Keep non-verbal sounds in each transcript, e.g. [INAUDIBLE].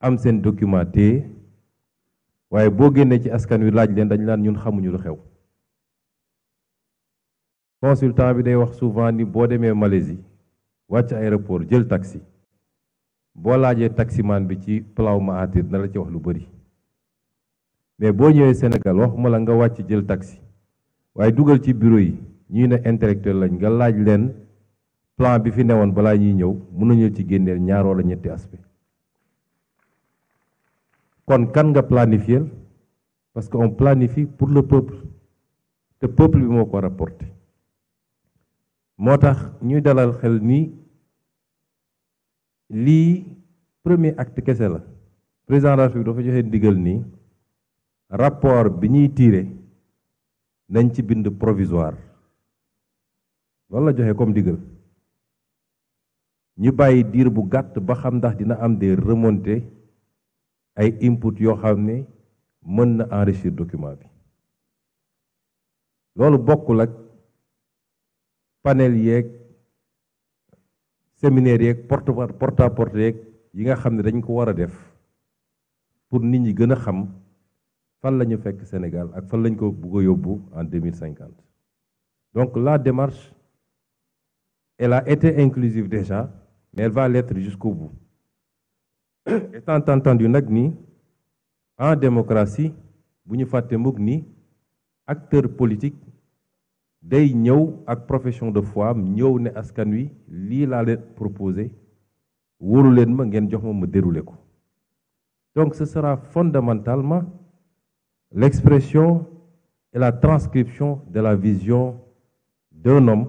am seen document te waaye boo génnee ci askan wi laaj leen dañ naan ñun xamuñu lu xew consultant bi day wax souvent ni boo demee Malaisie wàcc aéroport jël taksi boo laajee taximaan bi ci ma Mahathir na la ci wax lu bari mais boo ñëwee Sénégal waxuma la nga wàcc jël taxi waaye dugal ci bureau yi ñuy ne intellectuel lañ nga laaj leen plan bi fi newoon balaa ñuy ñëw mën nañu ci génneel ñaar wala ñetti aspect kon kan nga planifier parce que on planifie pour le peuple te peuple bi moo ko rapporté moo tax ñuy dalal xel nii lii premier acte kese la président de la joxe ndigal nii rapport bi ñuy tiire nañ ci bind provisoire loolu la joxe comme ndigal ñu bàyyi diir bu gàtt ba xam ndax dina am des remontées ay input yoo xam ne mën na enrichir document bi loolu bokkul ak panel yeeg séminaire yeeg porte porte à porte yi nga xam ne dañ ko war a def pour nit ñi gën a xam fan la ñu fekk Sénégal ak fan lañ ko bëgg a yóbbu en deux mille cinquante donc la démarche elle a été inclusive déjà mais elle va l'être jusqu'au bout étant entendu nag ni en démocratie bu ñu fàtte mukk ni acteur politique day ñëw ak profession de foi ñëw ne askan wi lii laa leen proposé wóolu leen ma ngeen jox ma ma déroulé ko donc ce sera fondamentalement l'expression et la transcription de la vision d'un homme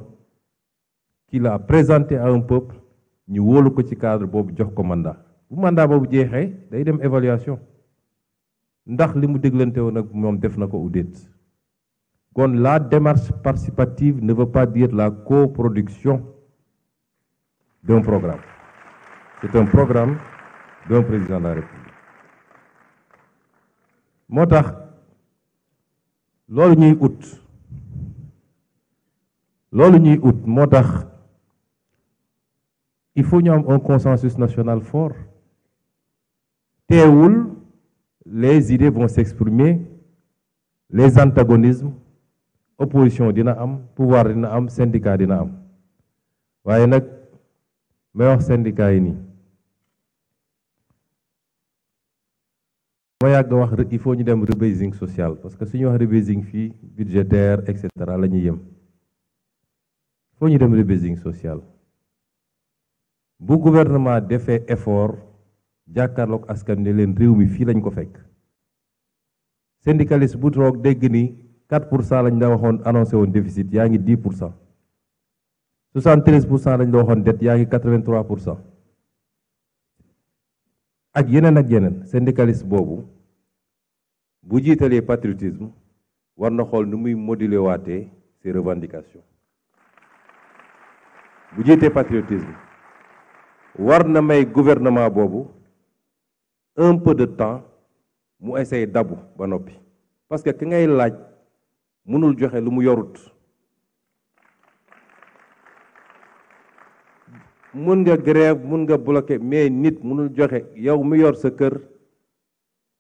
qu'il la présenté à un peuple ñu wóolu ko ci cadre boobu jox ko mandat bu mandat boobu jeexee day dem évaluation ndax li mu déglante woon ak moom def na ko ou déet kon la démarche participative ne veut pas dire la coproduction d'un programme c'est un programme d'un président de la République moo tax loolu ñuy ut loolu ñuy ut moo tax il faut ñu am un consensus national fort teewul les idées vont s'exprimer les antagonismes opposition dina am pouvoir dina am syndicat dina am waaye nag may wax syndicat yi nii ma yàgg wax il faut ñu dem rebasing social parce que su ñu wax rebasing fii budgétaire et cetera la ñuy yem il faut ñu dem rebasing sociale bu gouvernement defee effort jàkkaarloog askan ne leen réew mi fii lañ ko fekk syndicaliste bu toog dégg ni 4 pour lañ la waxoon annoncé woon déficit yaa ngi 10 pour cent 73 pour cent lañ la waxoon dette yaa ngi 83 pour cent ak yeneen ak yeneen syndicaliste boobu bu jiitalee patriotisme war na xool nu muy moduler waate ses revendications bu jiitee patriotisme war na may gouvernement boobu un peu de temps mu essaye dabu ba noppi parce que ki ngay laaj mënul joxe lu mu yorut mun nga grève mun nga bloqué mais nit mënul joxe yow mi yor sa kër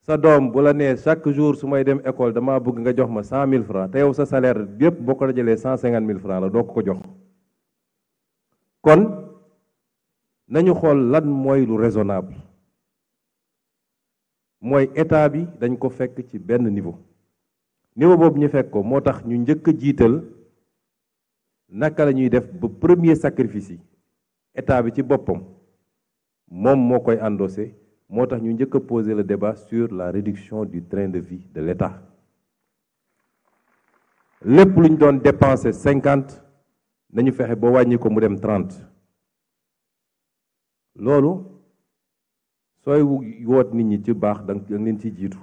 sa doom bu la nee chaque jour su may dem école damaa bëgg nga jox ma cent mille francs te yow sa salaire yépp boo ko dajalee cent cinquante mille francs la doo ko jox kon nañu xool lan mooy lu raisonnable mooy état bi dañ ko fekk ci benn niveau niveau boobu ñu fekk ko moo tax ñu njëkk a jiital naka la ñuy def ba premier sacrifice yi état bi ci boppam moom moo koy endossé moo tax ñu njëkk a poser le débat sur la réduction du train de vie de l'état lépp luñ doon dépenser cinquante nañu fexe ba wàññi ko mu dem trente loolu sooy woot nit ñi ci baax da nga ci jiitu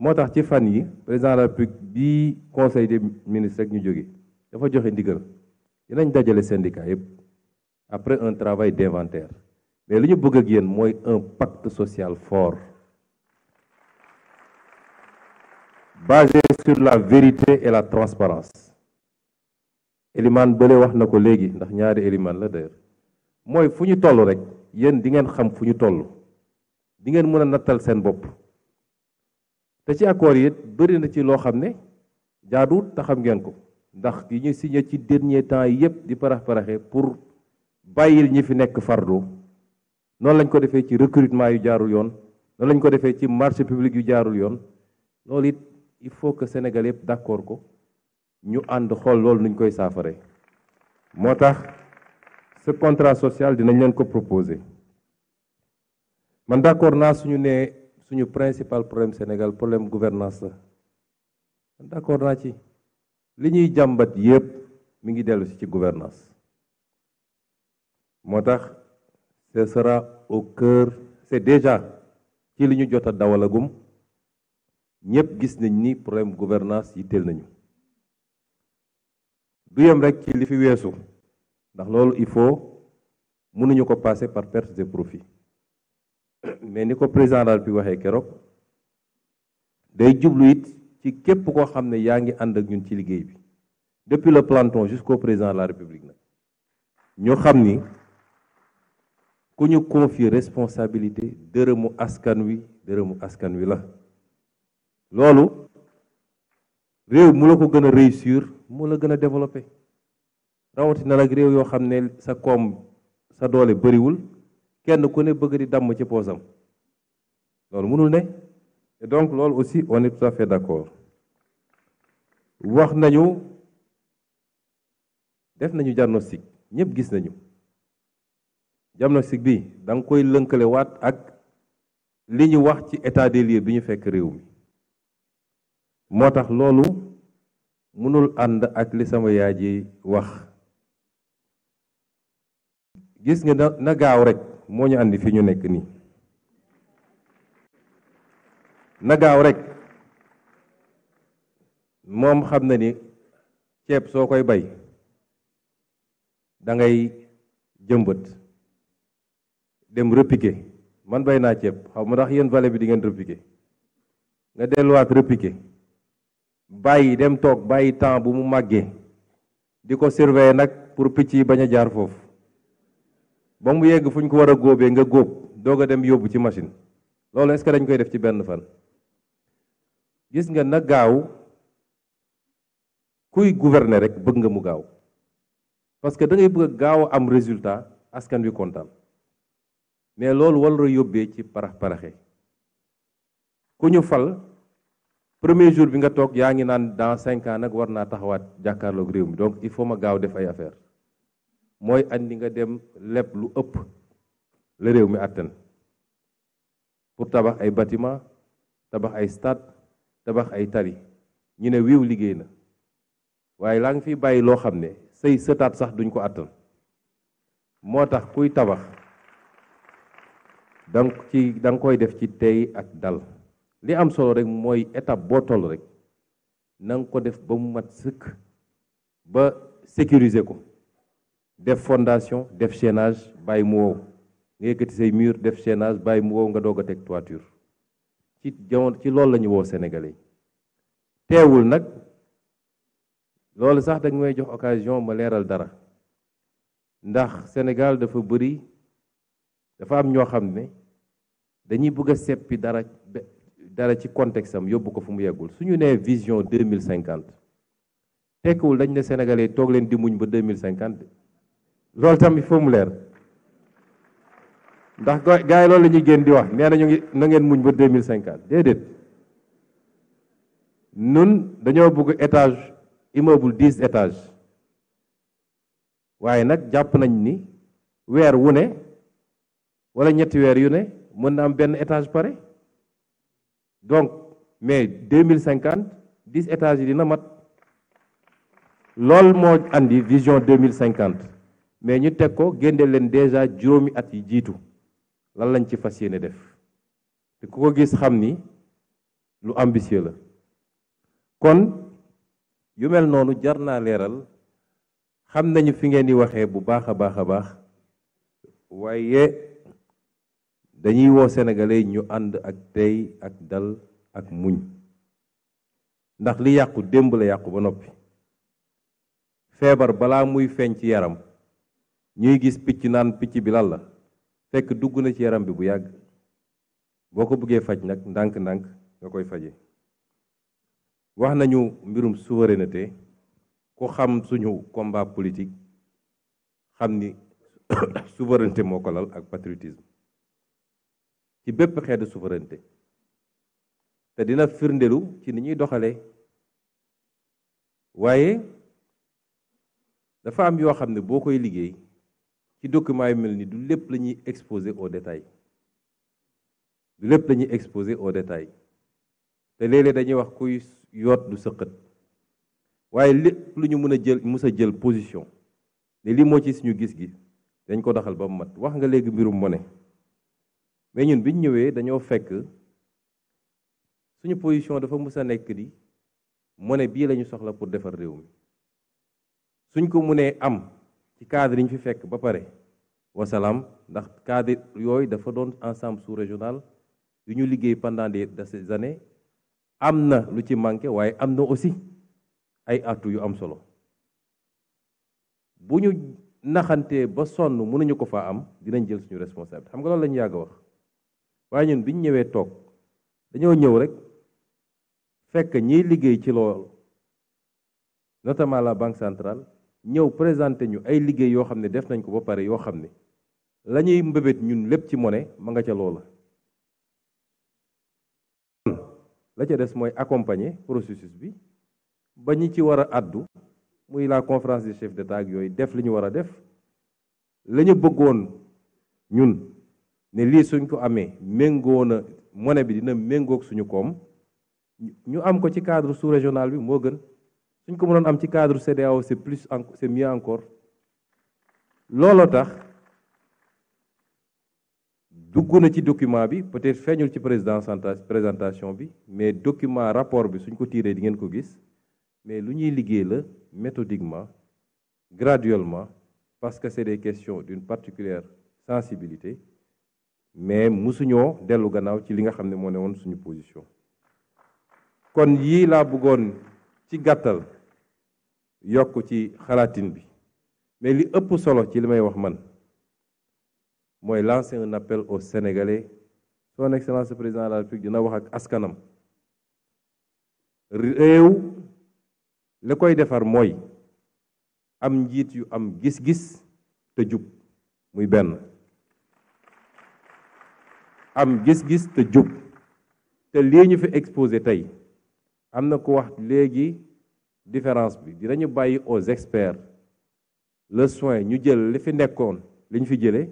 moo tax ci fan yi président de la République bi conseil des ministres rek ñu jóge dafa joxe ndigal dinañ dajale syndicat yëpp après un travail d'inventaire mais li ñu bëgg ak yéen mooy un pacte social fort basé sur la vérité et la transparence Eliman Bële wax na ko léegi ndax ñaari Eliman la d'ailleurs mooy fu ñu toll rek yéen di ngeen xam fu ñu toll di ngeen mën a nattal seen bopp te ci accord yi bëri na ci loo xam ne jaaduwut taxam ngeen ko ndax yi ñu signé ci dernier temps yépp di parax paraxe pour bàyyil ñi fi nekk fardo noonu lañ ko defee ci recrutement yu jaarul yoon noonu lañ ko defee ci marché public yu jaarul yoon loolu it il faut que Sénégal yëpp d'accord ko ñu ànd xool loolu nuñ koy saafare moo tax ce contrat social dinañ leen ko proposer man d'accord naa suñu nee suñu principal problème Sénégal problème gouvernance la man d'accord naa ci li ñuy jàmbat yépp mi ngi dellu si ci gouvernance moo tax ce sera au cœur c'est déjà ci li ñu jot a dawalagum ñépp gis nañ ni problème gouvernance yitteel nañu du yem rek ci li fi weesu ndax loolu il faut mënuñu ko passer par perte de profit mais ni ko président daal bi waxee keroog day jublu it ci képp koo xam ne yaa ngi ànd ak ñun ci liggéey bi depuis le planton jusqu'au président la république nag ñu xam ni ku ñu confie responsabilité dërëmu askan wi dërëmu askan wi la loolu réew mu la ko gën a réussir mu la gën a développer rawatina nag réew yoo xam ne sa koom sa doole bariwul kenn ku ne bëgg di damm ci poosam loolu mënul ne et donc loolu aussi on est tout à fait d'accord wax nañu def nañu diagnostic ñëpp gis nañu diagnostic bi danga koy lënkalewaat ak li ñu wax ci état des lieux bi ñu fekk réew mi moo tax loolu mënul ànd ak li sama yaay ji wax gis nga na na gaaw rek moo ñu àndi fi ñu nekk nii na gaaw rek moom xam na ni ceeb soo koy bay dangay jëmbët jëmbat dem repiquer man bay naa ceeb xaw ma ndax yéen vallée bi di ngeen repiquer nga delluwaat repiquer bàyyi dem toog bàyyi temps bu mu màggee di ko surveiller nag pour picc yi bañ a jaar foofu ba mu yegg fu ñu ko war a góobee nga góob doog a dem yóbbu ci machine loolu est que dañ koy def ci benn fan gis nga na gaaw kuy gouverner rek bëgg nga mu gaaw parce que da ngay bëgg a gaaw am résultat askan wi kontaan mais loolu war a yóbbee ci parax paraxe ku ñu fal premier jour bi nga toog yaa ngi naan dans cinq ans nag war naa taxawaat jàkkaarloog réew mi donc il faut ma gaaw def ay affaire mooy andi nga dem leb lu ëpp la mi àttan pour tabax ay bâtiment tabax ay stade tabax ay tali ñu ne wiw liggéey na waaye laa ngi fi bàyyi loo xam ne say sëtaat sax duñ ko àttan moo tax kuy tabax dang ci da nga koy def ci tey ak dal li am solo rek mooy étape boo toll rek na ko def ba mu mat sëkk ba sécuriser ko def fondation def chaînage bàyyi mu wow nga yëkkati say mur def chaînage bàyyi mu wow nga doog a teg toiture ci jamono ci loolu la ñu woo Sénégalais teewul nag loolu sax da nga may jox occasion ma leeral dara ndax Sénégal dafa bëri dafa am ñoo xam ne dañuy bëgg a seppi dara dara ci contexte am yóbbu ko fu mu yeggul su ñu nee vision deux mille cinquante tekkiwul dañ ne Sénégalais toog leen di muñ ba deux mille cinquante. lool tam il faut mu leer ndax gars yi loolu la ñuy génn di wax nee na ngi na ngeen muñ ba deux mille cinquante déedéet nun dañoo bëgg étage immeuble dix étages waaye nag jàpp nañ ni weer wu ne wala ñetti weer yu ne mën na am benn étage pare donc mais deux mille cinquante dix étages yi dina mat loolu moo andi vision deux mille cinquante mais ñu teg ko génne leen déjà juróomi at yi jiitu lan lañ ci fas yéene def te ku ko gis xam ni lu ambitieux la kon yu mel noonu jar naa leeral xam nañu fi ngeen di waxee bu baax a baax a baax waaye dañuy woo sénégalais ñu ànd ak tey ak dal ak muñ ndax li yàqu démb la yàqu ba noppi feebar balaa muy feeñ ci yaram ñuy gis picc naan picc bi lan la fekk dugg na ci yaram bi bu yàgg boo ko buggee faj nag ndànk-ndànk nga koy faje wax nañu mbirum souveraineté ku xam suñu combat politique xam ni [COUGHS] souveraineté moo ko lal ak patriotisme ci bépp xeetu souveraineté te dina firndelu ci ni ñuy doxalee waaye dafa am yoo xam ne boo koy liggéey ci document yu mel ni du lépp lañuy exposé au détail du lépp la exposé au détail te léeg-léeg dañuy wax kuy yoot du sëqat waaye lépp lu ñu mën a jël mus a jël position ne lii moo ci suñu gis gi dañ ko doxal ba mu mat wax nga léegi mbirum mone mais ñun biñ ñëwee dañoo fekk suñu position dafa mus a nekk di mone bii lañu soxla pour defar réew mi suñ ko mënee am ci cadre yi fi fekk ba pare wasalaam ndax cadre yooyu dafa doon ensemble sous régional yu ñu liggéey pendant des ces années am na lu ci manqué waaye am na aussi ay atu yu am solo bu ñu naxantee ba sonn mënuñu ko faa am dinañ jël suñu responsabilité xam nga loolu lañu yàgg a wax waaye ñun biñ ñëwee toog dañoo ñëw rek fekk ñiy liggéey ci lool notamment la banque centrale ñëw présenté ñu ay liggéey yoo xam ne def nañ ko ba pare yoo xam ne la ñuy mbébét ñun lépp ci monnaie ma nga ca loola. la ca des mooy accompagner processus bi ba ñi ci war a addu muy la conférence des chefs d'État ak yooyu def li ñu war a def la ñu bëggoon ñun ne lii suñ ko amee méngoo na monnaie bi dina méngoog suñu koom ñu am ko ci cadre sous-régional bi moo gën. suñ ko mën mënoon am ci cadre CEDEAO c'est plus c'est mieux encore looloo tax dugg na ci document bi peut-être feeñul ci président présentation bi mais document rapport bi suñ ko tiiree di ngeen ko gis mais lu ñuy liggéey la méthodiquement graduellement parce que c'est des questions d'une particulière sensibilité mais musuñoo dellu gannaaw ci li nga xam ne moo ne woon suñu position kon yii laa bëggoon ci gàttal yokk ci xalaatin bi mais li ëpp solo ci li may wax man mooy lancer un appel aux soo son excellence président de la République dina wax ak askanam réew li koy defar mooy am njiit yu am gis-gis te jub muy benn am gis-gis te jub te lii ñu fi exposé tey am na ko wax léegi différence bi dinañu bàyyi aux experts le soin ñu jël li fi nekkoon li ñu fi jëlee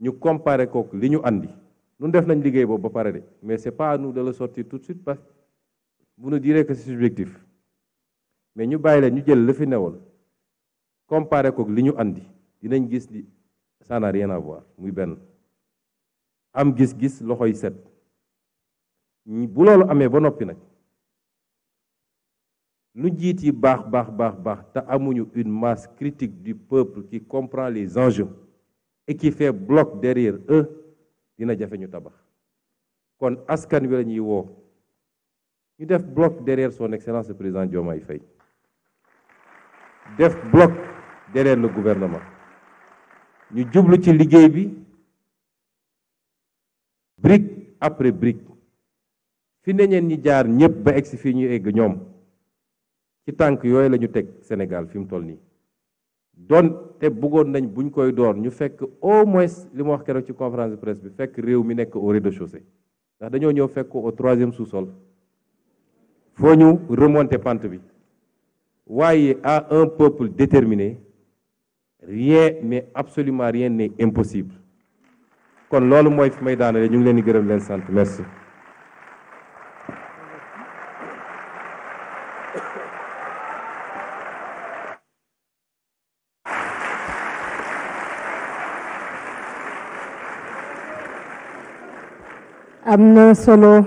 ñu comparer kook li ñu andi ñun def nañ liggéey boobu ba pare de mais c'est pas à nous de le sortir tout de suite parce que vous nous subjectif mais ñu bàyyi leen ñu jël li fi newoon comparer kook li ñu andi dinañ gis ni ça n'a rien muy benn am gis-gis loxo yi set bu loolu amee ba noppi nag. lu jiit yi baax baax baax baax te amuñu une masse critique du peuple qui comprend les enjeux et qui fait bloc derrière eux dina jafe ñu tabax kon askan wi lañuy woo ñu def bloc derrière son excellence le président Diomaye Faye def bloc derrière la gouvernement ñu jublu ci liggéey bi brique après brique fi ne ñeen ñi jaar ñëpp ba egsi fii ñu egg ñoom ci tànk yooyu la ñu teg Sénégal fi mu toll nii don te bëggoon nañ buñ koy door ñu fekk au moins li ma wax keroog ci conférence de presse bi fekk réew mi nekk au rez-de-chaussée ndax dañoo ñëw fekk au troisième sous foo ñu remonter pente bi waaye à un peuple déterminé rien mais absolument rien n'est impossible kon loolu mooy fi may daanale ñu ngi leen di gërëm leen sant merci am na solo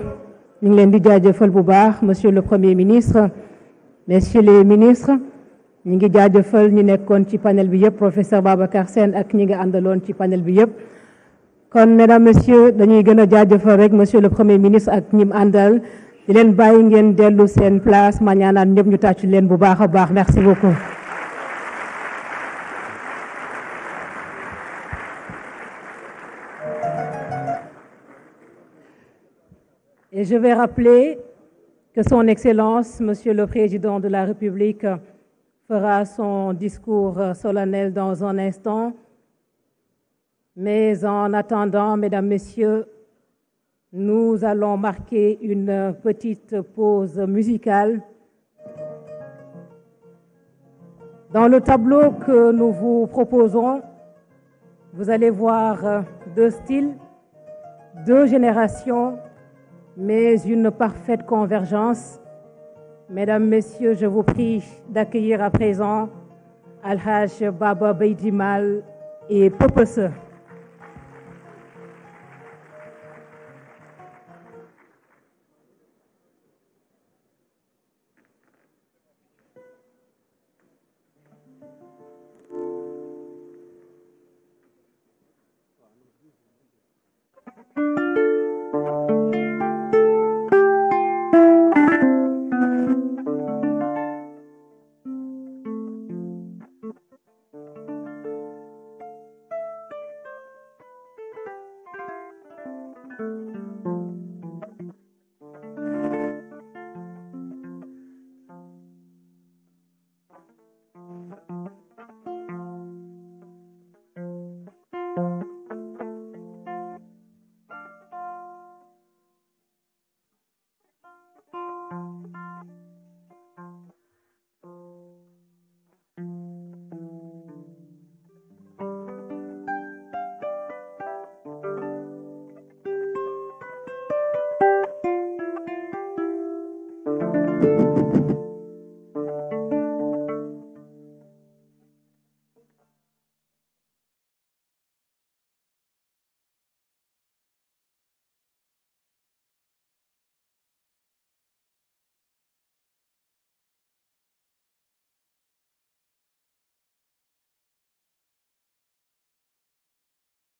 ñu ngi leen di jaajëfal bu baax monsieur le premier ministre messieurs les ministre ñu ngi jaajëfal ñi nekkoon ci paneel bi yëpp professeur Babacar Sène ak ñi ngi àndaloon ci panel bi yëpp kon mesdames messieurs dañuy gën a jaajëfal rek monsieur le premier ministre ak ñim àndal di leen bàyyi ngeen dellu seen place ma ñaanaan ñëpp ñu tàcc leen bu baax a baax merci beaucoup Et je vais rappeler que Son Excellence, Monsieur le Président de la République, fera son discours solennel dans un instant. Mais en attendant, Mesdames, Messieurs, nous allons marquer une petite pause musicale. Dans le tableau que nous vous proposons, vous allez voir deux styles, deux générations mais une parfaite convergence. Mesdames, Messieurs, je vous prie d'accueillir à présent Al-Hajj Baba Beidimal et Popeseur.